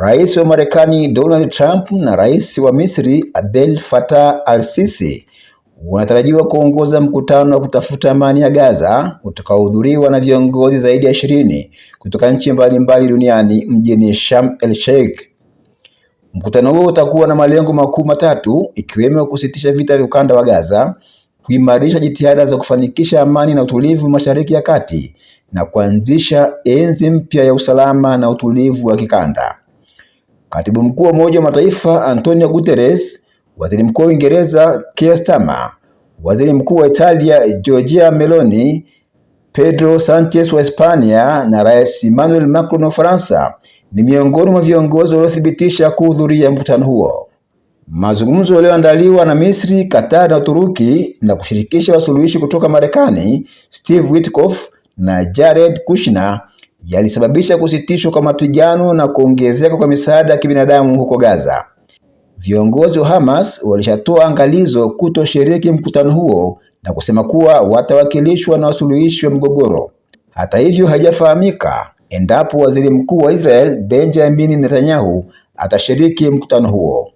Rais wa Marekani Donald Trump na Rais wa Misri Abdel Fattah al-Sisi wanatarajiwa kuongoza mkutano wa kutafuta amani ya Gaza utakaohudhuriwa na viongozi zaidi ya ishirini kutoka nchi mbalimbali duniani mjini Sharm el-Sheikh. Mkutano huo utakuwa na malengo makuu matatu ikiwemo kusitisha vita vya ukanda wa Gaza, kuimarisha jitihada za kufanikisha amani na utulivu Mashariki ya Kati na kuanzisha enzi mpya ya usalama na utulivu wa kikanda katibu mkuu wa Umoja wa Mataifa Antonio Guterres, waziri mkuu wa Uingereza Keir Starmer, waziri mkuu wa Italia Giorgia Meloni, Pedro Sanchez wa Hispania na Rais Emmanuel Macron wa Ufaransa ni miongoni mwa viongozi waliothibitisha kuhudhuria mkutano huo. Mazungumzo yaliyoandaliwa na Misri, Qatar na Uturuki na kushirikisha wasuluhishi kutoka Marekani Steve Witkoff na Jared Kushner yalisababisha kusitishwa kwa mapigano na kuongezeka kwa misaada ya kibinadamu huko Gaza. Viongozi wa Hamas walishatoa angalizo kutoshiriki mkutano huo na kusema kuwa watawakilishwa na wasuluhishi wa mgogoro. Hata hivyo, haijafahamika endapo waziri mkuu wa Israel Benjamin Netanyahu atashiriki mkutano huo.